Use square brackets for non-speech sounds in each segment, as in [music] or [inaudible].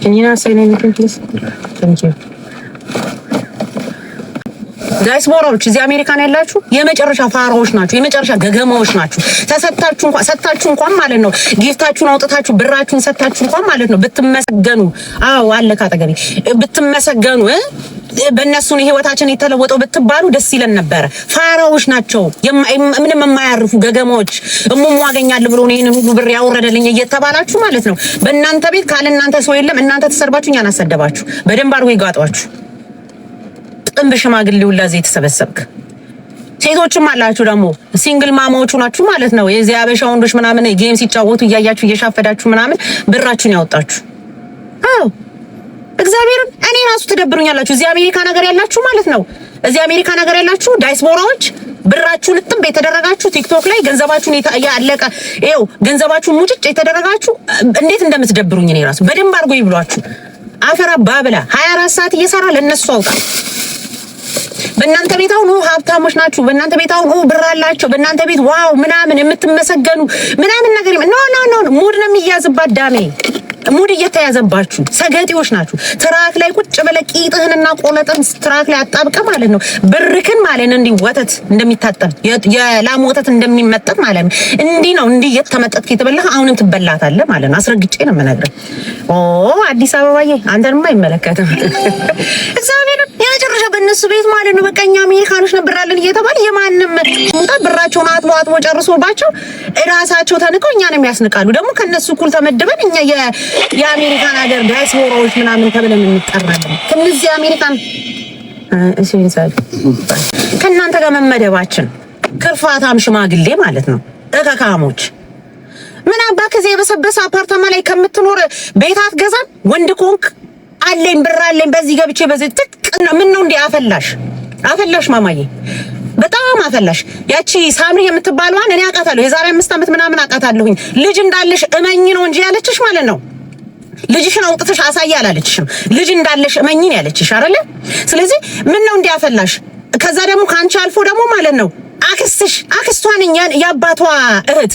Can you not say anything, please? Thank you. ዳያስፖራዎች እዚህ አሜሪካን ያላችሁ የመጨረሻ ፋራዎች ናችሁ፣ የመጨረሻ ገገማዎች ናችሁ። ተሰታችሁ እንኳን ሰታችሁ እንኳን ማለት ነው ጊፍታችሁን አውጥታችሁ ብራችሁን ሰታችሁ እንኳን ማለት ነው ብትመሰገኑ፣ አዎ አለ ካጠገቤ ብትመሰገኑ ነው ህይወታችን የተለወጠው ብትባሉ ደስ ይለን ነበረ። ፋራዎች ናቸው፣ ምንም የማያርፉ ገገማዎች። እሙሙ አገኛለሁ ብሎ ነው ይሄንን ሁሉ ብር ያወረደልኝ እየተባላችሁ ማለት ነው። በእናንተ ቤት ካለ እናንተ ሰው የለም። እናንተ ተሰርባችሁ፣ እኛን አሰደባችሁ። በደንብ አድርጎ ይጋጧችሁ። ጥንብ ሽማግሌ ሁላ እዚህ የተሰበሰብክ ሴቶችም አላችሁ ደግሞ ሲንግል ማማዎቹ ናችሁ ማለት ነው። የዚህ አበሻ ወንዶች ምናምን ጌም ሲጫወቱ እያያችሁ እየሻፈዳችሁ ምናምን ብራችሁን ያወጣችሁ። አዎ እግዚአብሔርን እኔ ራሱ ትደብሩኛላችሁ። እዚህ አሜሪካ ነገር ያላችሁ ማለት ነው። እዚህ አሜሪካ ነገር ያላችሁ ዳይስፖራዎች ብራችሁን ልትም የተደረጋችሁ ቲክቶክ ላይ ገንዘባችሁን ያለቀ ይኸው ገንዘባችሁን ሙጭጭ የተደረጋችሁ እንዴት እንደምትደብሩኝ እኔ ራሱ በደንብ አድርጎ ይብሏችሁ። አፈራ ባብላ 24 ሰዓት እየሰራ ለነሱ አውጣ በእናንተ ቤት አሁን ሀብታሞች ናችሁ፣ በእናንተ ቤት አሁን ብር አላቸው፣ በእናንተ ቤት ዋው ምናምን የምትመሰገኑ ምናምን ነገር ኖ ኖ ኖ ሙድ ነው የሚያዝባት ዳሜ ሙድ እየተያዘባችሁ ሰገጤዎች ናችሁ። ትራክ ላይ ቁጭ ብለህ ቂጥህንና ቆለጥን ትራክ ላይ አጣብቀ ማለት ነው። ብርክን ማለት ነው። እንዲህ ወተት እንደሚታጠብ የላም ወተት እንደሚመጠጥ ማለት ነው። እንዲህ ነው። እንዲህ የተመጠጥክ የተበላህ አሁንም ትበላታለህ ማለት ነው። አስረግጬ ነው የምነግርህ። ኦ አዲስ አበባዬ፣ አንተንም አይመለከትም [laughs] እግዚአብሔር የመጨረሻ በእነሱ ቤት ማለት ነው። በቃ እኛ አሜሪካኖች ነበራለን እየተባለ የማንም ሙጣ ብራቸውን አጥሞ አጥሞ ጨርሶባቸው እራሳቸው ተንቀው ነው የሚያስንቃሉ። ደግሞ ከእነሱ እኩል ተመድበን እኛ የአሜሪካን ሀገር ዳያስፖራዎች ምናምን ተብለን እንጠራለን። ከነዚህ የአሜሪካን ከእናንተ ጋር መመደባችን ክርፋታም ሽማግሌ ማለት ነው እከካሞች ምን አባ ከዚህ የበሰበሰ አፓርታማ ላይ ከምትኖር ቤታት ገዛን ወንድ ኮንክ አለኝ ብር አለኝ በዚህ ገብቼ በዚህ ነው። ምን ነው እንዴ? አፈላሽ አፈላሽ ማማዬ በጣም አፈላሽ። ያቺ ሳምሪ የምትባለዋን እኔ አውቃታለሁ። የዛሬ አምስት ዓመት ምናምን አውቃታለሁኝ። ልጅ እንዳለሽ እመኝ ነው እንጂ ያለችሽ ማለት ነው። ልጅሽን አውጥተሽ አሳያ አላለችሽም። ልጅ እንዳለሽ እመኝ ነው ያለችሽ አይደለ? ስለዚህ ምን ነው እንዴ አፈላሽ። ከዛ ደግሞ ከአንቺ አልፎ ደግሞ ማለት ነው አክስትሽ አክስቷን የአባቷ እህት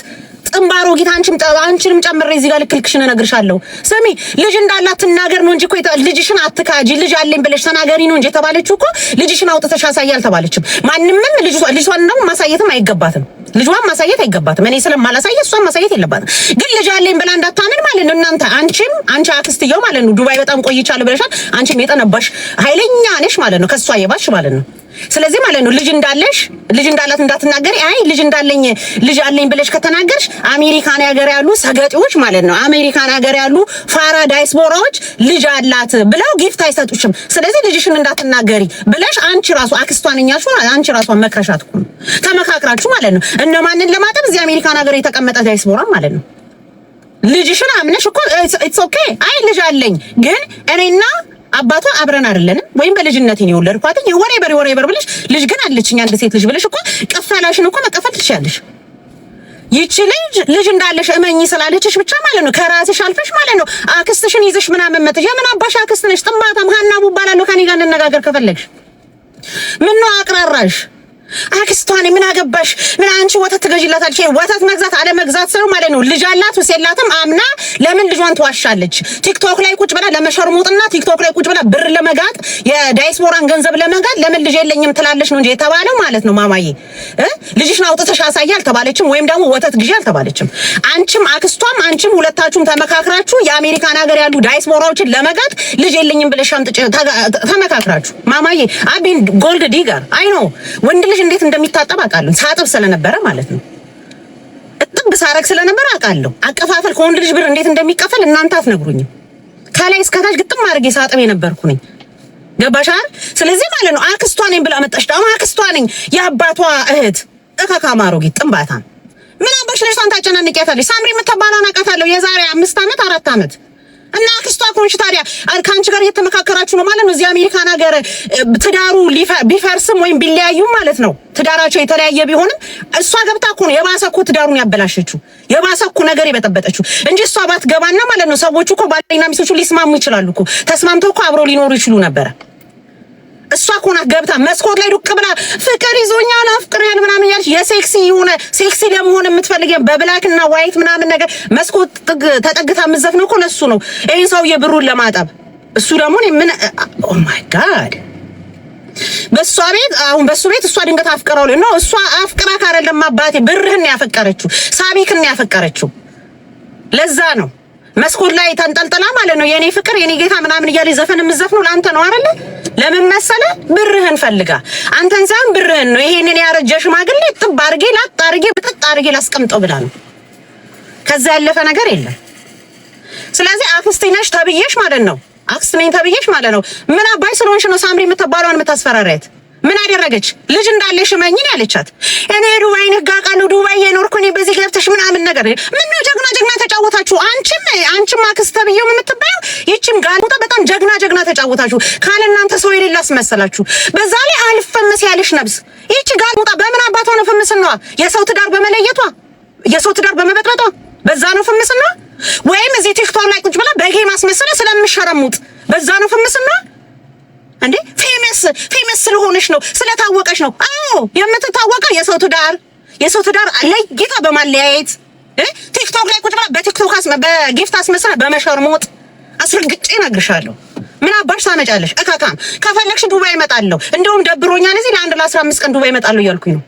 ጥንባሮ ጌታ አንቺም አንቺንም ጨምሬ እዚህ ጋር ልክልክሽን እነግርሻለሁ። ስሚ ልጅ እንዳላት ትናገር ነው እንጂ እኮ ልጅሽን አትካጂ፣ ልጅ አለኝ ብለሽ ተናገሪ ነው እንጂ የተባለችው እኮ ልጅሽን አውጥተሽ አሳይ አልተባለችም። ማንምም ልጅሷን እንደውም ማሳየትም አይገባትም። ልጇን ማሳየት አይገባትም። እኔ ስለማላሳየት እሷን ማሳየት የለባትም። ግን ልጅ አለኝ ብላ እንዳታምን ማለት ነው። እናንተ አንቺም አንቺ አክስትየው ማለት ነው ዱባይ በጣም ቆይቻለሁ ብለሻል። አንቺም የጠነባሽ ኃይለኛ ነሽ ማለት ነው። ከእሷ የባሽ ማለት ነው። ስለዚህ ማለት ነው ልጅ እንዳለሽ ልጅ እንዳላት እንዳትናገሪ። አይ ልጅ እንዳለኝ ልጅ አለኝ ብለሽ ከተናገርሽ አሜሪካን ሀገር ያሉ ሰገጤዎች ማለት ነው አሜሪካን ሀገር ያሉ ፋራ ዳይስፖራዎች ልጅ አላት ብለው ጊፍት አይሰጡሽም። ስለዚህ ልጅሽን እንዳትናገሪ ብለሽ አንቺ ራሱ አክስቷን እኛሹ አንቺ ራሱ መክረሻት እኮ ነው ተመካክራችሁ ማለት ነው። እነማንን ለማጠብ እዚህ አሜሪካን ሀገር የተቀመጠ ዳይስፖራ ማለት ነው። ልጅሽን አምነሽ እኮ ኢትስ ኦኬ አይ ልጅ አለኝ ግን እኔና አባቷ አብረን አይደለንም ወይም በልጅነት ነው የወለድኳት። ወሬ በሬ ወሬ በር ብለሽ ልጅ ግን አለችኝ አንድ ሴት ልጅ ብለሽ እኮ ቀፋላሽን እኮ መቀፈል ትችያለሽ። ይቺ ልጅ ልጅ እንዳለሽ እመኝ ስላለችሽ ብቻ ማለት ነው ከራስሽ አልፈሽ ማለት ነው አክስትሽን ይዘሽ ምናምን መጥተሽ የምን አባሽ አክስት ነሽ ጥማታም ሀናቡ እባላለሁ ከኔ ጋር እንነጋገር ከፈለግሽ ምን ነው አቅራራሽ አክስቷን ምን አገባሽ? ምን አንቺ ወተት ትገዢላታለሽ? ወተት መግዛት አለ መግዛት ሰው ማለት ነው። ልጅ አላት ውስ የላትም አምና ለምን ልጇን ትዋሻለች? ቲክቶክ ላይ ቁጭ ብላ ለመሸርሙጥና ቲክቶክ ላይ ቁጭ ብላ ብር ለመጋጥ የዳይስፖራን ገንዘብ ለመጋጥ ለምን ልጅ የለኝም ትላለች ነው እንጂ የተባለው ማለት ነው። ማማዬ እ ልጅሽ ልጅሽን አውጥተሽ አሳይ አልተባለችም፣ ወይም ደግሞ ወተት ግዢ አልተባለችም። አንቺም አክስቷም አንቺም ሁለታችሁም ተመካክራችሁ የአሜሪካን ሀገር ያሉ ዳይስፖራዎችን ለመጋጥ ልጅ የለኝም ብለሽ አምጥጭ ተመካክራችሁ። ማማዬ አቢን ጎልድ ዲገር አይ ነው ወንድ ልጅ እንዴት እንደሚታጠብ አውቃለሁ። ሳጥብ ስለነበረ ማለት ነው። እጥብ ሳረግ ስለነበረ አውቃለሁ። አቀፋፈል ከወንድ ልጅ ብር እንዴት እንደሚቀፈል እናንተ አትነግሩኝም። ከላይ እስከታች ግጥም አድርጌ ሳጥብ የነበርኩ ነኝ። ገባሽ ስለዚህ ማለት ነው አክስቷ ነኝ ብላ መጣሽ። ደግሞ አክስቷ ነኝ የአባቷ እህት እካካ ማሮጊት ባታ ምን አባሽ ልጅቷን ታጨናንቂያታለሽ? ሳምሪ የምትባለውን አውቃታለሁ። የዛሬ አምስት ዓመት አራት ዓመት እና አክስቷ ኮንሽ ታዲያ ከአንቺ ጋር እየተመካከራችሁ ነው ማለት ነው። እዚህ አሜሪካን ሀገር ትዳሩ ቢፈርስም ወይም ቢለያዩም ማለት ነው ትዳራቸው የተለያየ ቢሆንም እሷ ገብታ እኮ ነው የባሰ እኮ ትዳሩን ያበላሸችው የባሰ እኮ ነገር የበጠበጠችው እንጂ እሷ ባትገባና ማለት ነው ሰዎቹ እኮ ባልና ሚስቶቹ ሊስማሙ ይችላሉ እኮ ተስማምተው እኮ አብረው ሊኖሩ ይችሉ ነበረ። እሷ እኮ ገብታ መስኮት ላይ ዱቅ ብላ ፍቅር ይዞኛል አፍቅሬያል ምናምን ያልሽ የሴክሲ የሆነ ሴክሲ ለመሆን የምትፈልግ በብላክ እና ዋይት ምናምን ነገር መስኮት ተጠግታ ምዘፍ ነው ለእሱ ነው። ይህን ሰውዬ ብሩን ለማጠብ እሱ ደግሞ ምን ኦ ማይ ጋድ በእሷ ቤት አሁን በእሱ ቤት እሷ ድንገት አፍቅረው ሊሆን ነው። እሷ አፍቅራ ካደለም አባቴ ብርህን ያፈቀረችው ሳቢክን ያፈቀረችው ለዛ ነው። መስኮት ላይ ተንጠልጥላ ማለት ነው የኔ ፍቅር የኔ ጌታ ምናምን እያለ ዘፈን የምትዘፍነው ለአንተ ነው አይደለ? ለምን መሰለ ብርህን ፈልጋ አንተን ሳይሆን ብርህን ነው። ይሄንን ያረጀ ሽማግሌ ጥብ አርጌ ላጥ አርጌ ብጥጥ አርጌ ላስቀምጠው ብላ ነው። ከዛ ያለፈ ነገር የለም። ስለዚህ አክስቴ ነሽ ተብዬሽ ማለት ነው አክስት ነኝ ተብዬሽ ማለት ነው። ምን አባይ ስለሆንሽ ነው ሳምሪ የምትባለውን የምታስፈራሪያት? ምን አደረገች? ልጅ እንዳለ ሽመኝን ያለቻት። እኔ ዱባይን ህግ አውቃለሁ፣ ዱባይ የኖርኩ እኔ በዚህ ገብተሽ ምናምን ነገር ምነው ጀግና ጀግና ተጫወታችሁ። አንቺም አንቺም አክስት ተብዬው የምትባየው ይቺም ጋር በጣም ጀግና ጀግና ተጫወታችሁ። ካለ እናንተ ሰው የሌለ አስመሰላችሁ። በዛ ላይ አልፈምስ ያለሽ ነብስ። ይቺ ጋር በምን አባቷ ነው ፍምስና? የሰው ትዳር በመለየቷ የሰው ትዳር በመበጥበጧ በዛ ነው ፍምስና? ወይም እዚህ ቲክቶክ ላይ ቁጭ ብላ በጌ ማስመሰለ ስለምሸረሙጥ በዛ ነው ፍምስና? እንዴ ፌመስ ፌመስ ስለሆነሽ ነው ስለታወቀሽ ነው። አዎ የምትታወቀው የሰው ትዳር የሰው ትዳር ለይታ በማለያየት ቲክቶክ ላይ ቁጭ ብላ በቲክቶክ በጊፍት አስመስላ በመሸርሞጥ አስረግጬ እነግርሻለሁ። ምን አባሽ ታመጫለሽ? እካካም ከፈለግሽ ዱባይ እመጣለሁ፣ እንደውም ደብሮኛል እዚህ ለአንድ ለአስራ አምስት ቀን ዱባይ እመጣለሁ እያልኩኝ ነው።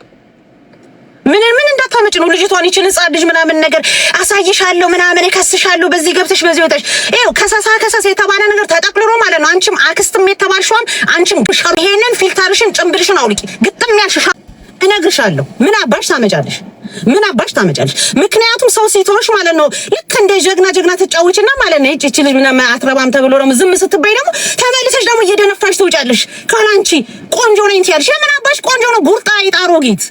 ምን ምን እንዳታመጭ ነው ልጅቷን ይችን ህጻን ልጅ ምናምን ነገር አሳይሻለሁ ምናምን ከስሻለሁ በዚህ ገብተሽ በዚህ ወጣሽ ይኸው ከሰሳ ከሰሳ የተባለ ነገር ተጠቅልሎ ማለት ነው አንቺም አክስትም የተባልሽዋም አንቺም ብሻ ይሄንን ፊልተርሽን ጭንብልሽን አውልቂ ግጥም ያልሽሻ እነግርሻለሁ ምን አባሽ ታመጫለሽ ምን አባሽ ታመጫለሽ ምክንያቱም ሰው ሲቶሽ ማለት ነው ልክ እንደ ጀግና ጀግና ትጫወችና ማለት ነው እቺ ልጅ ምናምን አትረባም ተብሎ ደግሞ ዝም ስትበይ ደግሞ ተመልሰሽ ደግሞ እየደነፋሽ ትውጫለሽ ካላንቺ ቆንጆ ነኝ ትያለሽ ምን አባሽ ቆንጆ ነው ጉርጣ ይጣሮ ጌት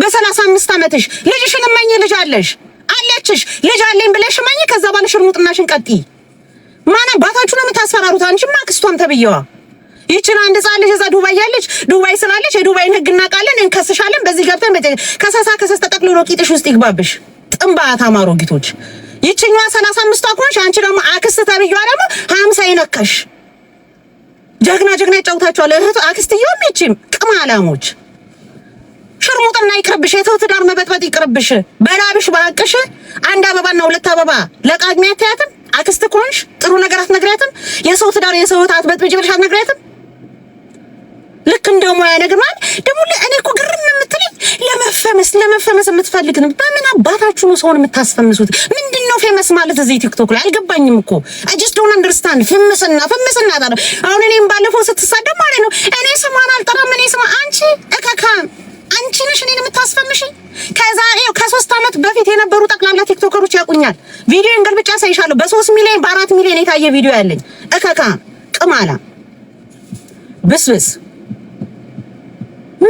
በሰላሳ አምስት ዓመትሽ ልጅሽን እመኝ። ልጅ አለሽ አለችሽ ልጅ አለኝ ብለሽ እመኝ። ከዛ ባለሽ እርሙጥናሽን ቀጥይ። ማን አባታችሁ ነው የምታስፈራሩት? አንቺማ አክስቷም ተብዬዋ ይችን አንድ ህጻን ልጅ እዛ ዱባይ ያለች ዱባይ ስላለች የዱባይን ህግ እናውቃለን፣ እንከስሻለን። በዚህ ገብተን በዚህ ከሰሳ ከሰስ ተጠቅልሎ ቂጥሽ ውስጥ ይግባብሽ። ጥንባት አማሮ ጊቶች ይችኛዋ 35 አምስቷ አንቺ ደግሞ አክስት ተብዬዋ ደግሞ 50 ይነካሽ። ጀግና ጀግና ይጫውታችኋል። እህቱ አክስትየውም ይችም ቅማላሞች አላሞች ሽርሙጥና ይቅርብሽ፣ የሰው ትዳር መበጥበጥ ይቅርብሽ። በላብሽ በአቅሽ አንድ አበባና ሁለት አበባ ለቃሚ አታያትም። አክስት ከሆንሽ ጥሩ ነገር አትነግሪያትም። የሰው ትዳር የሰው ታት በጥብጭ ብለሽ አትነግሪያትም። ልክ እንደ ሙያ ነግርማል። ደግሞ እኔ እኮ ግርም የምትለኝ ለመፈመስ ለመፈመስ የምትፈልግ ነው። በምን አባታችሁ ነው ሰውን የምታስፈምሱት? ምንድን ነው ፌመስ ማለት እዚህ ቲክቶክ ላይ አልገባኝም እኮ አጅስ ዶን አንደርስታንድ። ፍምስና ፍምስና ታዲያ አሁን እኔም ባለፈው ስትሳደብ ማለት ነው እኔ ስሟን አልጠራም። እኔ ስማ አንቺ እከካም አንቺ ነሽ እኔን የምታስፈምሽ። ከዛሬ ከሶስት አመት በፊት የነበሩ ጠቅላላ ቲክቶከሮች ያውቁኛል። ቪዲዮን ገልብጫ ሳይሻለሁ በሶስት ሚሊዮን በአራት ሚሊዮን የታየ ቪዲዮ ያለኝ እከካ ቅማላ ብስብስ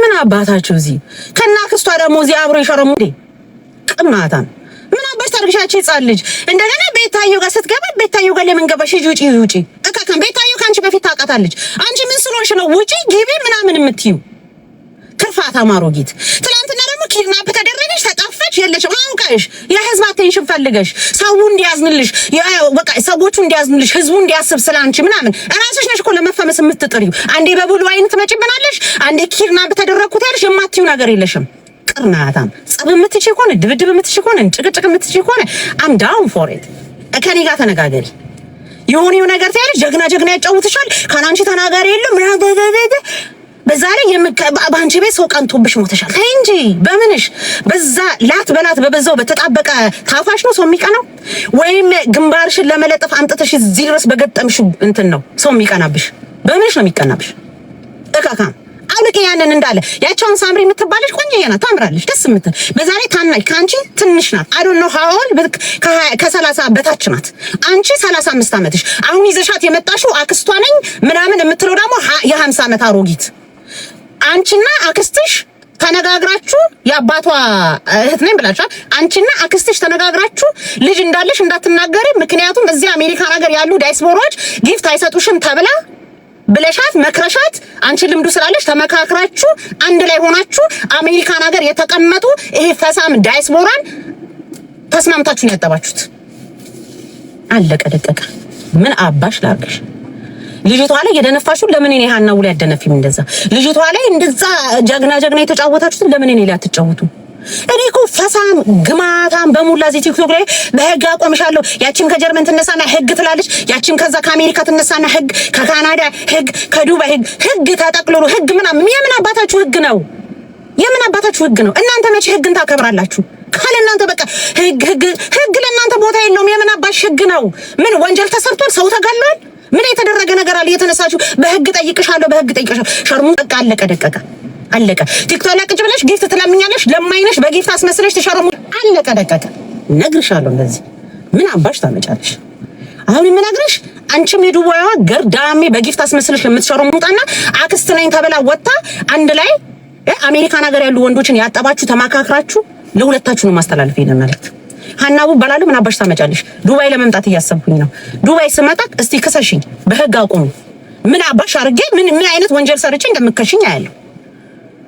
ምን አባታቸው እዚህ ከና ክስቷ ደግሞ እዚህ አብሮ ይሸረሙ እንዴ? ቅማታ ምን አባሽ ታርግሻች? ህጻን ልጅ እንደገና ቤታዮ ጋር ስትገባ ቤታዮ ጋር ለምን ገባሽ? እጅ ውጪ ውጪ እከካም ቤታዮ ከአንቺ በፊት ታውቃታለች። አንቺ ምን ስለሆንሽ ነው ውጪ ግቢ ምናምን የምትዩ ክርፋታም አሮጊት። ትናንትና ደግሞ ኪድናፕ ተደረገች፣ ተጠፋች፣ የለችም። አውቀሽ የህዝብ አቴንሽን ፈልገሽ ሰው እንዲያዝንልሽ በቃ ሰዎቹ እንዲያዝንልሽ ህዝቡ እንዲያስብ ስላንቺ ምናምን ራስሽ ነሽ እኮ ለመፈመስ የምትጥሪው። አንዴ በብሉ አይነት ትመጪብናለሽ፣ አንዴ ኪድናፕ ተደረግኩት ያለሽ የማትዩ ነገር የለሽም። ቅርናታም ጸብ የምትችይ ከሆነ ድብድብ የምትችይ ከሆነ ጭቅጭቅ የምትችይ ከሆነ አም ዳውን ፎር ኢት ከኔ ጋር ተነጋገሪ። የሆነው ነገር ታያለሽ። ጀግና ጀግና ያጫውትሻል። ካናንቺ ተናጋሪ የለም በዛሬ በአንቺ ቤት ሰው ቀንቶብሽ ሞተሻል። ተይ እንጂ በምንሽ በዛ ላት በላት በበዛው በተጣበቀ ታፋሽ ነው ሰው የሚቀናው? ወይም ግንባርሽን ለመለጠፍ አምጥተሽ እዚህ ድረስ በገጠምሽ እንትን ነው ሰው የሚቀናብሽ? በምንሽ ነው የሚቀናብሽ? እካካም አውልቄ ያንን እንዳለ ያቻውን ሳምሪ የምትባለች ቆንጆዬ ናት፣ ታምራለች፣ ደስ የምትል በዛ ላይ ታናሽ ከአንቺ ትንሽ ናት። አይ ዶንት ኖ ከሰላሳ በታች ናት። አንቺ ሰላሳ አምስት ዓመትሽ አሁን ይዘሻት የመጣሽው አክስቷ ነኝ ምናምን የምትለው ደግሞ የሀምሳ ዓመት አሮጊት አንቺና አክስትሽ ተነጋግራችሁ የአባቷ እህት ነኝ ብላችኋል። አንቺና አክስትሽ ተነጋግራችሁ ልጅ እንዳለሽ እንዳትናገሪ፣ ምክንያቱም እዚህ አሜሪካን ሀገር ያሉ ዳያስፖራዎች ጊፍት አይሰጡሽም ተብላ ብለሻት መክረሻት፣ አንቺ ልምዱ ስላለሽ ተመካክራችሁ አንድ ላይ ሆናችሁ አሜሪካን ሀገር የተቀመጡ ይሄ ፈሳም ዳያስፖራን ተስማምታችሁ ነው ያጠባችሁት። አለቀ ደቀቀ። ምን አባሽ ላርገሽ? ልጅቷ ላይ የደነፋሽው ለምን እኔ ሀናው ላይ አደነፊም? እንደዛ ልጅቷ ላይ እንደዛ ጀግና ጀግና የተጫወታችሁትን ለምን እኔ ላይ አትጫወቱ? እኔ እኮ ፈሳም ግማታም በሙላ እዚህ ቲክቶክ ላይ በህግ አቆምሻለሁ። ያቺም ከጀርመን ትነሳና ህግ ትላለች። ያቺም ከዛ ከአሜሪካ ትነሳና ህግ፣ ከካናዳ ህግ፣ ከዱባይ ህግ፣ ህግ ተጠቅልሎ ህግ ምናምን። የምን አባታችሁ ህግ ነው? የምን አባታችሁ ህግ ነው? እናንተ መቼ ህግን ታከብራላችሁ? ካለ እናንተ በቃ ህግ ህግ ህግ ለእናንተ ቦታ የለውም። የምን አባሽ ህግ ነው? ምን ወንጀል ተሰርቷል? ሰው ተጋሏል? ምን የተደረገ ነገር አለ? የተነሳችሁ በህግ ጠይቅሻለሁ፣ በህግ ጠይቅሻለሁ። ሸርሙ በቃ አለቀ፣ ደቀቀ፣ አለቀ። ቲክቶክ ላይ ቁጭ ብለሽ ጊፍት ትለምኛለሽ፣ ለማይነሽ በጊፍት አስመስለሽ ትሸርሙ፣ አለቀ፣ ደቀቀ። ነግርሻለሁ፣ እንደዚህ ምን አባሽ ታመጫለሽ? አሁን የምነግርሽ አንቺም የዱባይዋ ገርዳሜ በጊፍት አስመስለሽ የምትሸርሙጣና አክስት ነኝ ተብላ ወጥታ አንድ ላይ አሜሪካን ሀገር ያሉ ወንዶችን ያጠባችሁ ተማካክራችሁ ለሁለታችሁ ነው ማስተላለፍ ይሄንን መልዕክት ሀናቡ ባላሉ ምን አባሽ ታመጫለሽ? ዱባይ ለመምጣት እያሰብኩኝ ነው። ዱባይ ስመጣ እስቲ ክሰሽኝ፣ በህግ አቁሙ። ምን አባሽ አድርጌ ምን ምን አይነት ወንጀል ሰርቼ እንደምከሽኝ አያለሁ።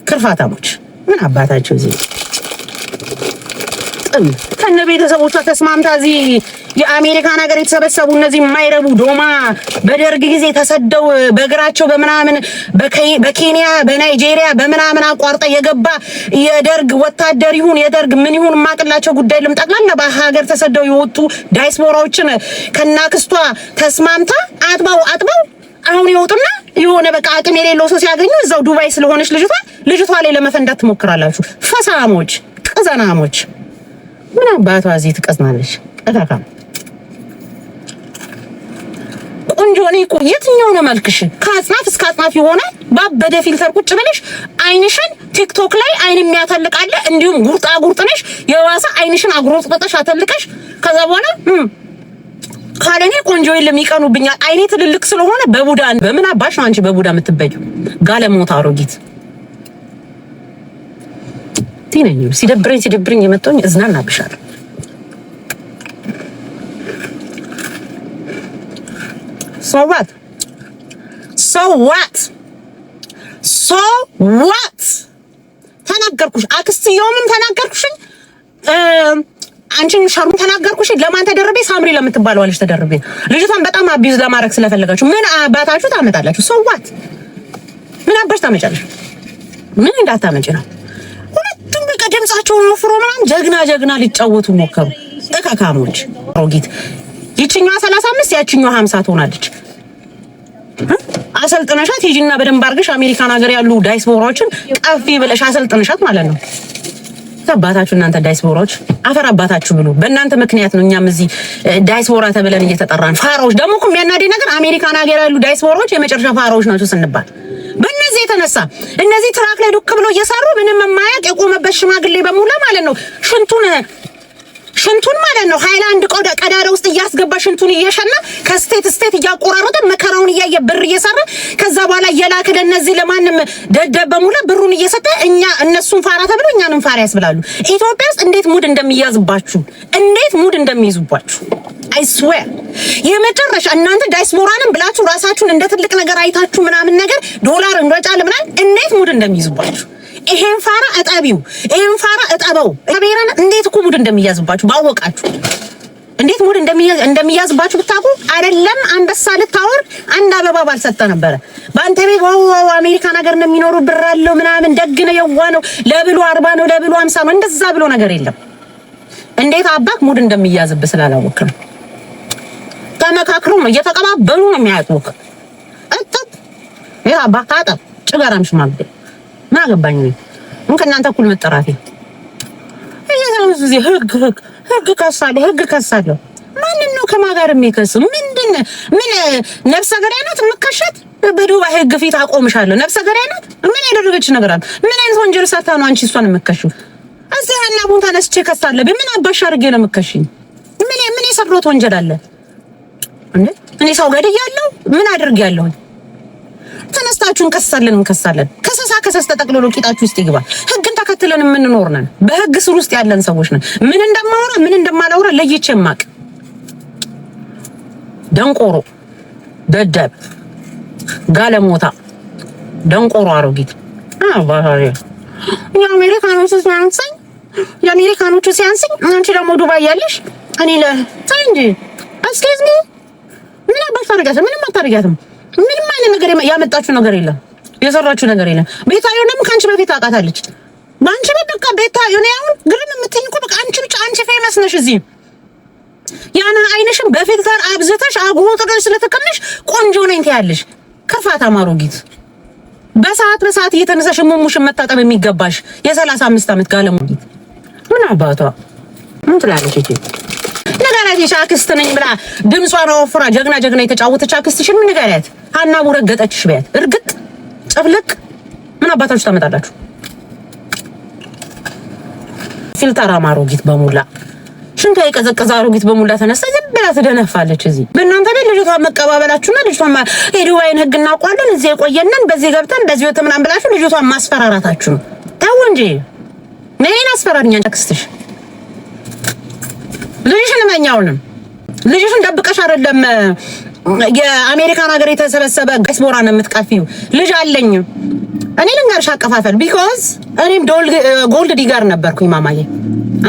ክርፋታሞች ምን አባታቸው እዚህ ጥም ከነ ቤተሰቦቿ ተስማምታ እዚህ የአሜሪካ ነገር የተሰበሰቡ እነዚህ የማይረቡ ዶማ በደርግ ጊዜ ተሰደው በእግራቸው በምናምን በኬንያ በናይጄሪያ በምናምን አቋርጠ የገባ የደርግ ወታደር ይሁን የደርግ ምን ይሁን የማቅላቸው ጉዳይ ልምጠቅላና በሀገር ተሰደው የወጡ ዳይስፖራዎችን ከናክስቷ ተስማምታ አጥባው አጥባው አሁን ይወጡና የሆነ በቃ አቅም የሌለው ሰው ሲያገኙ እዛው ዱባይ ስለሆነች ልጅቷ ልጅቷ ላይ ለመፈንዳት ትሞክራላችሁ። ፈሳሞች፣ ቅዘናሞች ምን አባቷ እዚህ ትቀዝናለች? እታካም እንደሆነ ነኝ እኮ የትኛው ነው መልክሽ? ከአጽናፍ እስከ አጽናፍ የሆነ ባበደ ፊልተር ቁጭ ብለሽ አይንሽን ቲክቶክ ላይ አይን የሚያተልቃለ እንዲሁም ጉርጣ ጉርጥ ነሽ የዋሰ አይንሽን አጉሮጥጠሽ አተልቀሽ ከዛ በኋላ ካለኔ ቆንጆ የለም ይቀኑብኛል። አይኔ ትልልቅ ስለሆነ በቡዳ በምን አባሽ ነው አንቺ በቡዳ የምትበዩ ጋለሞታ አሮጊት። ቲነኝ ሲደብረኝ ሲደብረኝ የመጣሁኝ እዝናናብሻለሁ። So what? So what? So what? ተናገርኩሽ። አክስትየውም ተናገርኩሽኝ። አንቺን ሸሩም ተናገርኩሽ። ለማን ተደርቤ? ሳምሪ ለምትባለው ልጅ ተደርቤ። ልጅቷን በጣም አቢዩዝ ለማድረግ ስለፈለጋችሁ ምን አባታችሁ ታመጣላችሁ? ሰው ዋት ምን አባሽ ታመጫለሽ? ምን እንዳታመጪ ነው። ሁለቱም በቃ ድምጻቸውን ወፍሮ ምናምን ጀግና ጀግና ሊጫወቱ ሞከሩ። እካካሞች ሮጊት ይችኛዋ 35 ያችኛዋ 50 ትሆናለች። አሰልጥነሻት ሂጂና በደንብ አድርገሽ አሜሪካን ሀገር ያሉ ዳያስፖራዎችን ቀፊ ብለሽ አሰልጥነሻት ማለት ነው። አባታችሁ እናንተ ዳያስፖራዎች አፈር አባታችሁ ብሉ። በእናንተ ምክንያት ነው እኛም እዚህ ዳያስፖራ ተብለን እየተጠራን ፋራዎች። ደግሞ እኮ የሚያናደኝ ነገር አሜሪካን ሀገር ያሉ ዳያስፖራዎች የመጨረሻ ፋራዎች ናቸው ስንባል በእነዚህ የተነሳ እነዚህ ትራክ ላይ ዱክ ብሎ እየሰሩ ምንም የማያውቅ የቆመበት ሽማግሌ በሙላ ማለት ነው ሽንቱን ሽንቱን ማለት ነው ሃይላንድ ቆዳ ቀዳዳ ውስጥ እያስገባ ሽንቱን እየሸና ከስቴት ስቴት እያቆራረጠ መከራውን እያየ ብር እየሰራ ከዛ በኋላ እየላከ ለእነዚህ ለማንም ደደብ በሙላ ብሩን እየሰጠ እኛ እነሱን ፋራ ተብሎ እኛንም ፋራ ያስብላሉ። ኢትዮጵያ ውስጥ እንዴት ሙድ እንደሚያዝባችሁ እንዴት ሙድ እንደሚይዙባችሁ አይ ስዌር የመጨረሻ እናንተ ዳይስፖራንም ብላችሁ ራሳችሁን እንደ ትልቅ ነገር አይታችሁ ምናምን ነገር ዶላር እንደጫለ ምናምን እንዴት ሙድ እንደሚይዙባችሁ ይሄን ፋራ እጠቢው፣ ይሄን ፋራ እጠበው። ከብሔራን እንዴት እኮ ሙድ እንደሚያዝባችሁ ባወቃችሁ፣ እንዴት ሙድ እንደሚያዝባችሁ ብታውቁ አይደለም አንበሳ ልታወር አንድ አበባ ባልሰጠ ነበረ። በአንተ ቤት ዋው ዋው፣ አሜሪካን ሀገር ነው የሚኖሩ ብር አለው ምናምን፣ ደግ ነው፣ የዋ ነው፣ ለብሎ አርባ ነው፣ ለብሎ አምሳ ነው፣ እንደዛ ብሎ ነገር የለም። እንዴት አባክ ሙድ እንደሚያዝብ ስላላወቅ ነው። ተመካክረው ነው እየተቀባበሉ ነው የሚያጥሙክ። እጥጥ ይሄ አባካ አጠብ ጭበራም ሽማግሌ ምን አገባኝ? ምን ከእናንተ እኩል መጠራቴ እየተመሱ ጊዜ ህግ ህግ ህግ ከሳለሁ ህግ ከሳለሁ። ማንን ነው ከማጋር የሚከስ? ምንድን ምን ነፍሰ ገዳይ ናት የምከሸት? በዱባይ ህግ ፊት አቆምሻለሁ። ነፍሰ ገዳይ ናት። ምን ያደረገች ነገር አለ? ምን አይነት ወንጀል ሰርታ ነው አንቺ እሷን የምከሽው? እዚህ ሀና ቡን ተነስቼ ከሳለብኝ ምን አባሽ አድርጌ ነው የምከሽኝ? ምን ምን የሰራሁት ወንጀል አለ እኔ ሰው ገድያለሁ? ምን አድርጌያለሁ? ተነስታችሁ እንከስሳለን እንከሳለን። ከሰሳ ከሰስ ተጠቅልሎ ቂጣችሁ ውስጥ ይግባ። ህግን ተከትለን የምንኖር ነን። በህግ ስር ውስጥ ያለን ሰዎች ነን። ምን እንደማወራ ምን እንደማላወራ ለይቼ ማቅ። ደንቆሮ፣ ደደብ፣ ጋለሞታ፣ ደንቆሮ፣ አሮጊት አባሪ የአሜሪካኖቹ ሲያንስኝ የአሜሪካኖቹ ሲያንስኝ አንቺ ደግሞ ዱባይ ያለሽ እኔ ለ እንጂ አስኬዝሚ ምን አባሽ ታደርጊያትም ምንም አታደርጊያትም። ምንም አይነት ነገር ያመጣችሁ ነገር የለም፣ የሰራችሁ ነገር የለም። ቤታየው ደግሞ ከአንቺ በፊት አውቃታለች። በአንቺ በቃ ቤታ እኔ አሁን ግርም የምትይኝ እኮ በቃ አንቺ ብቻ አንቺ ፌመስ ነሽ እዚህ ያና አይነሽም አይንሽን በፊልተር አብዝተሽ አጉሮጥረሽ ስለተቀመሽ ቆንጆ ነኝ ትያለሽ። ክፋት ጊት በሰዓት በሰዓት እየተነሳሽ ሙሙሽን መታጠብ የሚገባሽ የ35 ዓመት ጋለሙ ምን አባቷ ምን ትላለች? እቺ ንገሪያት። አክስት ነኝ ብላ ድምጿን ወፍራ ጀግና ጀግና የተጫወተች አክስትሽን ንገሪያት። ሀናቡ ረገጠችሽ በያት። እርግጥ ጨፍለቅ ምን አባታችሁ ታመጣላችሁ? ፊልተር ጊት በሙላ ሽንቷ የቀዘቀዘ አሮጊት በሙላ ተነሳ ዝም ብላ ትደነፋለች። እዚህ በእናንተ ቤት ልጅቷን መቀባበላችሁና ልጅቷን የዱባይን ሕግ እናውቋለን እዚህ የቆየንን በዚህ ገብተን በዚህ ወጥ ምናምን ብላችሁ ልጅቷን ማስፈራራታችሁ ነው። ተው እንጂ ነይን አስፈራሪኛ ክስትሽ ልጅሽን መኛውንም ልጅሽን ደብቀሽ አይደለም የአሜሪካን ሀገር የተሰበሰበ ነው የምትቀፊው ልጅ አለኝ። እኔ ልንገርሽ አቀፋፈል ቢኮዝ እኔም ጎልድ ዲጋር ነበርኩኝ። ማማዬ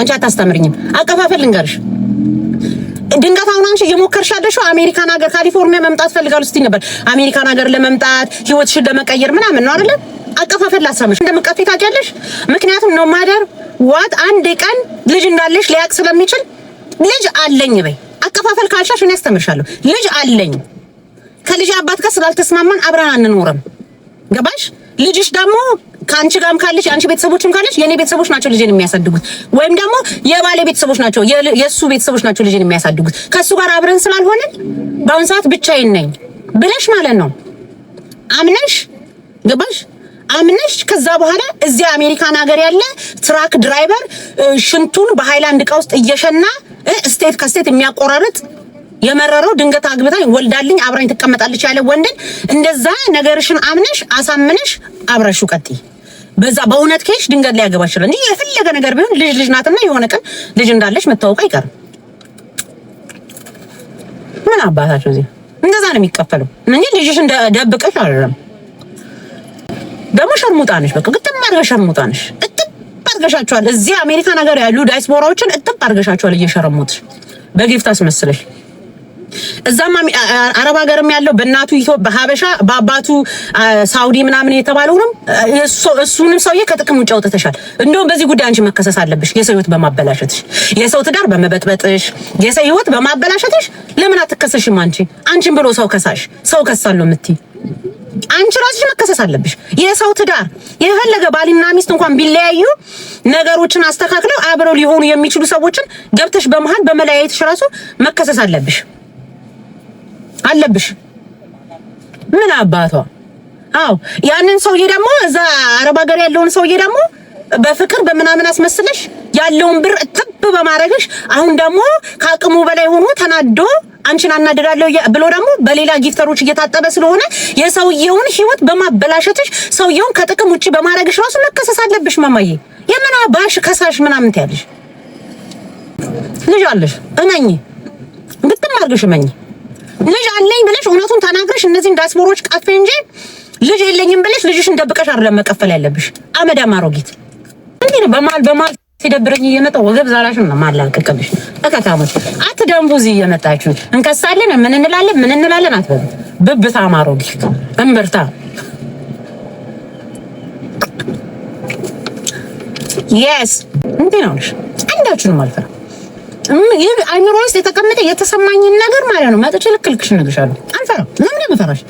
አንቺ አታስተምርኝም። አቀፋፈል ልንገርሽ ድንገት አሁን አንቺ እየሞከርሽ ያለሽው አሜሪካን ሀገር ካሊፎርኒያ መምጣት ፈልጋለሁ ስትይ ነበር። አሜሪካን ሀገር ለመምጣት ህይወትሽን ለመቀየር ምናምን ነው አይደለ? አቀፋፈል ላሳምሽ እንደምትቀፊ ታውቂያለሽ። ምክንያቱም ነው ማደር ዋት አንድ ቀን ልጅ እንዳለሽ ሊያቅ ስለሚችል ልጅ አለኝ በይ። አከፋፈል ካልሻሽ እኔ አስተምርሻለሁ። ልጅ አለኝ ከልጅ አባት ጋር ስላልተስማማን አብረን አንኖርም። ገባሽ? ልጅሽ ደግሞ ከአንቺ ጋርም ካለሽ የአንቺ ቤተሰቦችም ካለሽ የኔ ቤተሰቦች ናቸው ልጅን የሚያሳድጉት፣ ወይም ደግሞ የባሌ ቤተሰቦች ናቸው የእሱ ቤተሰቦች ናቸው ልጅን የሚያሳድጉት። ከእሱ ጋር አብረን ስላልሆነ በአሁን ሰዓት ብቻዬን ነኝ ብለሽ ማለት ነው አምነሽ ገባሽ? አምነሽ ከዛ በኋላ እዚህ አሜሪካን ሀገር ያለ ትራክ ድራይቨር ሽንቱን በሃይላንድ እቃ ውስጥ እየሸና ስቴት ከስቴት የሚያቆራርጥ የመረረው ድንገት አግብታ ወልዳልኝ አብራኝ ትቀመጣለች ያለ ወንድን እንደዛ ነገርሽን አምነሽ አሳምነሽ አብረሹ ቀጥይ። በዛ በእውነት ከሽ ድንገት ያገባሽ ይችላል። የፈለገ ነገር ቢሆን ልጅ ልጅ ናትና የሆነ ቀን ልጅ እንዳለች መታወቅ አይቀርም። ምን አባታቸው እዚህ እንደዛ ነው የሚቀፈለው እንጂ ልጅሽ እንደደብቀሽ አይደለም። ደግሞ ሸርሙጣ ነሽ። በቃ ግጥም አድርገሽ ሸርሙጣ ነሽ። እጥብ አድርገሻቸዋል። እዚህ አሜሪካ ነገር ያሉ ዳያስፖራዎችን እጥብ አድርገሻቸዋል። እየሸረሙጥሽ በጊፍት አስመስለሽ እዛም አረብ ሀገርም ያለው በእናቱ ኢትዮጵያ በሀበሻ በአባቱ ሳውዲ ምናምን የተባለውንም እሱንም ሰውዬ ከጥቅም ውጭ አውጥተሻል። እንደውም በዚህ ጉዳይ አንቺ መከሰስ አለብሽ፣ የሰው ህይወት በማበላሸትሽ፣ የሰው ትዳር በመበጥበጥሽ፣ የሰው ህይወት በማበላሸትሽ። ለምን አትከሰሽም? አንቺ አንቺን ብሎ ሰው ከሳሽ ሰው ከሳለሁ የምትይ አንቺ ራስሽ መከሰስ አለብሽ። የሰው ትዳር የፈለገ ባልና ሚስት እንኳን ቢለያዩ ነገሮችን አስተካክለው አብረው ሊሆኑ የሚችሉ ሰዎችን ገብተሽ በመሃል በመለያየትሽ ራሱ መከሰስ አለብሽ አለብሽ። ምን አባቷ? አዎ ያንን ሰውዬ ደግሞ እዛ አረብ ሀገር ያለውን ሰውዬ ደግሞ በፍቅር በምናምን አስመስለሽ ያለውን ብር እጥብ በማድረግሽ አሁን ደግሞ ከአቅሙ በላይ ሆኖ ተናዶ አንቺን አናድጋለሁ ብሎ ደግሞ በሌላ ጊፍተሮች እየታጠበ ስለሆነ የሰውየውን ህይወት በማበላሸትሽ ሰውየውን ከጥቅም ውጭ በማድረግሽ ራሱ መከሰስ አለብሽ። መማዬ የምን ባሽ ከሳሽ ምናምን ትያለሽ። ልጅ አለሽ እመኝ፣ ግጥም አድርግሽ እመኝ። ልጅ አለኝ ብለሽ እውነቱን ተናግረሽ እነዚህን ዲያስፖሮች ቀፌ እንጂ ልጅ የለኝም ብለሽ ልጅሽን ደብቀሽ አይደለም መቀፈል ያለብሽ። አመዳም አሮጊት እንዴ ነው በማል በማል ሲደብረኝ እየመጣ ወገብ ዛራሽን ነው ማላቀቅብሽ። ተከታሙት አትደንቡ። እዚህ እየመጣችሁ እንከሳለን፣ ምን እንላለን፣ ምን እንላለን አትበሉ። ብብታ ማሮጊ እምብርታ የስ እንዴ ነው አንዳችሁንም አልፈራ ይህ አይምሮ ውስጥ የተቀመጠ የተሰማኝን ነገር ማለት ነው መጥቼ ልክልክሽ እነግርሻለሁ። አንፈራ ለምን ብፈራሽ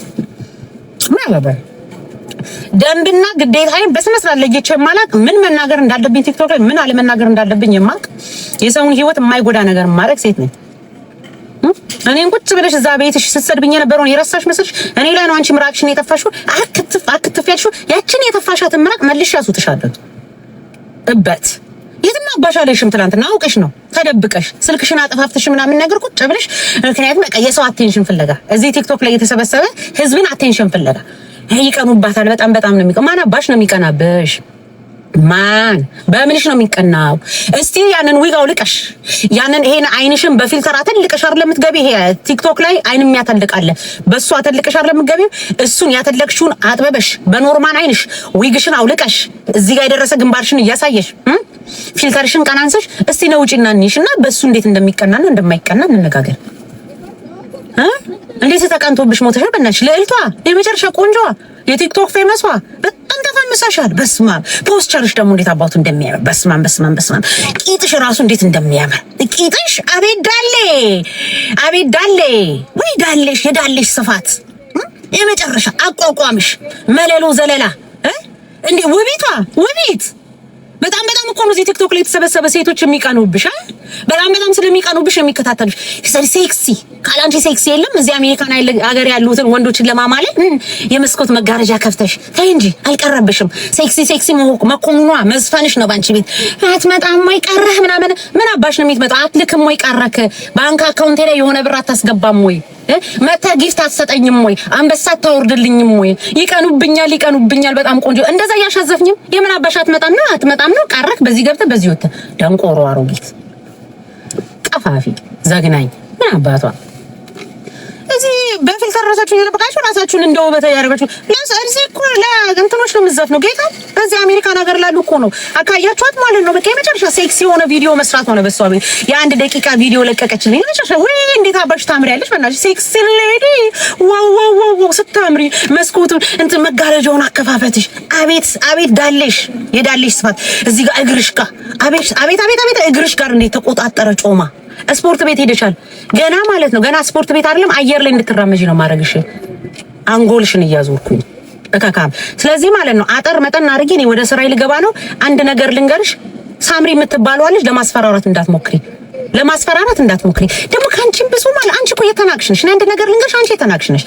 ምን አለበት ደንብና ግዴታዬን በስነ ስርዓት ለይቼ የማላቅ ምን መናገር እንዳለብኝ ቲክቶክ ላይ ምን አለመናገር እንዳለብኝ የማቅ የሰውን ህይወት የማይጎዳ ነገር ማድረግ ሴት ነኝ። እኔን ቁጭ ብለሽ እዛ ቤትሽ ስትሰድብኝ የነበረውን የረሳሽ መስልሽ እኔ ላይ ነው አንቺ ምራቅሽን የጠፋሽው አክትፍ አክትፍ ያልሽው ያችን የጠፋሻትን ምራቅ መልሽ ያሱትሻለሁ እበት የትና አባሻለሽም ትላንትና አውቀሽ ነው ተደብቀሽ ስልክሽን አጠፋፍተሽ ምናምን ነገር ቁጭ ብለሽ ምክንያቱም በቃ የሰው አቴንሽን ፍለጋ እዚህ ቲክቶክ ላይ የተሰበሰበ ህዝብን አቴንሽን ፍለጋ ይቀኑባታል። በጣም በጣም ነው የሚቀኑ። ማን አባሽ ነው የሚቀናብሽ? ማን በምንሽ ነው የሚቀናው? እስቲ ያንን ዊጋው ልቀሽ፣ ያንን ይሄን አይንሽን በፊልተር አተልቀሽ አይደል የምትገቢ? ይሄ ቲክቶክ ላይ አይን የሚያተልቃለ በሱ አተልቀሽ አይደል የምትገቢ? እሱን ያተለቅሽውን አጥበበሽ በኖርማል አይንሽ ዊግሽን አውልቀሽ እዚህ ጋር የደረሰ ግንባርሽን እያሳየሽ ፊልተርሽን ቀናንሰሽ እስቲ ነው እንይሽ በሱ እንዴት እንደሚቀናና እንደማይቀና እንነጋገር። እንዴት ተቀንቶብሽ ሞተሻል? በእናትሽ ልዕልቷ፣ የመጨረሻ ቆንጆዋ፣ የቲክቶክ ፌመሷ በጣም ተፈምሰሻል። በስማም ፖስቸርሽ ደግሞ እንዴት አባቱ እንደሚያምር በስማም፣ በስማም፣ በስማም ቂጥሽ ራሱ እንዴት እንደሚያምር ቂጥሽ! አቤት ዳሌ፣ አቤት ዳሌ፣ ወይ ዳሌሽ፣ የዳሌሽ ስፋት፣ የመጨረሻ አቋቋምሽ፣ መለሎ ዘለላ፣ እንዴ ውቢቷ፣ ውቢት! በጣም በጣም እኮ ነው እዚህ ቲክቶክ ላይ የተሰበሰበ ሴቶች የሚቀኑብሽ አይደል በጣም በጣም ስለሚቀኑብሽ የሚከታተሉሽ ሴክሲ ካላንቺ ሴክሲ የለም። እዚህ አሜሪካን ሀገር ያሉትን ወንዶችን ለማማለል የመስኮት መጋረጃ ከፍተሽ ተይ እንጂ አይቀረብሽም። ሴክሲ ሴክሲ መኮንኗ መዝፈንሽ ነው ባንቺ ቤት አትመጣም ወይ ቀረህ ምናምን ምን አባሽ ነው የምትመጣ አትልክም ወይ ቀረክ ባንክ አካውንቴ ላይ የሆነ ብር አታስገባም ወይ መታ ጊፍት አትሰጠኝም ወይ አንበሳ አታወርድልኝም ወይ? ይቀኑብኛል፣ ይቀኑብኛል። በጣም ቆንጆ እንደዛ እያሻዘፍኝም የምን አባሽ አትመጣም ነው አትመጣም ነው ቀረክ። በዚህ ገብተህ በዚህ ወጥተህ ደንቆሮ አሮጊት ቀፋፊ ዘግናኝ ምን አባቷ እዚህ በፊልተር ራሳችሁን እየጠበቃችሁ ራሳችሁን እንደ ውበት ያደረጋችሁ ለምስ እዚህ እኮ ለእንትኖች ነው ነው ጌታ በዚህ አሜሪካን ሀገር ላሉ እኮ ነው አካያችኋት ማለት ነው። በቃ የመጨረሻ ሴክስ የሆነ ቪዲዮ መስራት ሆነ በሷ ቤት የአንድ ደቂቃ ቪዲዮ ለቀቀችልኝ። የመጨረሻ ወይ እንዴት አባሽ ታምሪ ያለች በእናትሽ ሴክስ ሌዲ ዋው ስታምሪ መስኮቱ እንት መጋረጃውን አከፋፈትሽ አቤት አቤት ዳሌሽ የዳሌሽ ስፋት እዚህ ጋር እግርሽ ጋር አቤት አቤት አቤት አቤት እግርሽ ጋር እንዴት ተቆጣጠረ ጮማ ስፖርት ቤት ሄደሻል። ገና ማለት ነው ገና ስፖርት ቤት አይደለም አየር ላይ እንድትራመጂ ነው ማድረግሽ። አንጎልሽን እያዞርኩኝ እከካም። ስለዚህ ማለት ነው አጠር መጠን አድርጌ እኔ ወደ ስራዬ ልገባ ነው። አንድ ነገር ልንገርሽ፣ ሳምሪ የምትባለው አለሽ ለማስፈራራት እንዳትሞክሪ፣ ለማስፈራራት እንዳትሞክሪ። ደግሞ ከአንቺም ብዙ ማለት አንቺ እኮ የተናቅሽ ነሽ። እኔ አንድ ነገር ልንገርሽ፣ አንቺ የተናቅሽ እኔ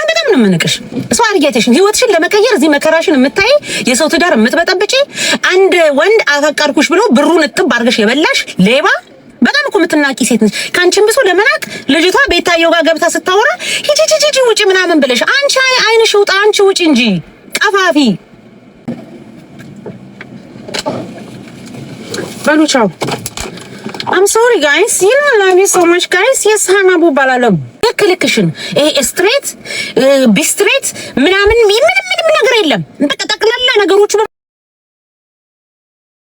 አንድ በጣም ነው የምንቅሽ። ሰው አርጌቴሽን ህይወትሽን ለመቀየር እዚህ መከራሽን የምታይ የሰው ትዳር የምትበጠብጪ አንድ ወንድ አፈቀርኩሽ ብሎ ብሩን እጥብ አድርገሽ የበላሽ ሌባ በጣም እኮ የምትናቂ ሴት ነች። ከአንቺም ብሶ ለመናቅ ልጅቷ ቤታየው ጋር ገብታ ስታወራ ሂጂ ሂጂ ውጪ ምናምን ብለሽ አንቺ አይ አይንሽ ውጣ አንቺ ውጪ እንጂ ቀፋፊ። በሉ ቻው። አም ሶሪ ጋይስ ዩ ኖ ላቭ ዩ ሶ ማች ጋይስ። የስ ሀናቡ እባላለሁ። ልክ ልክሽን ይሄ ስትሬት ቢስትሬት ምናምን ምንም ምንም ነገር የለም። በቃ ጠቅላላ ነገሮቹ